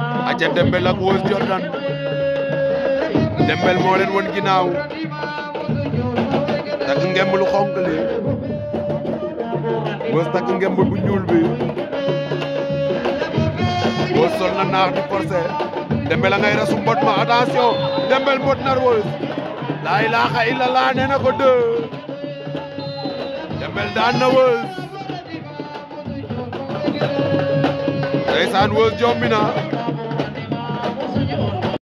aca Dembel ak Wos Jordan Dembel moo won ginnaaw takk ngemb lu xonk li Wos takk ngemb bu ñuul bi Wos sol na naax di forcé Dembel a ngay rasu mbot ma attention Dembel mbot nar Wos laa ilaaha illallah nee na ko deux Dembel daan na Wos Ndeysaan Wos jombi na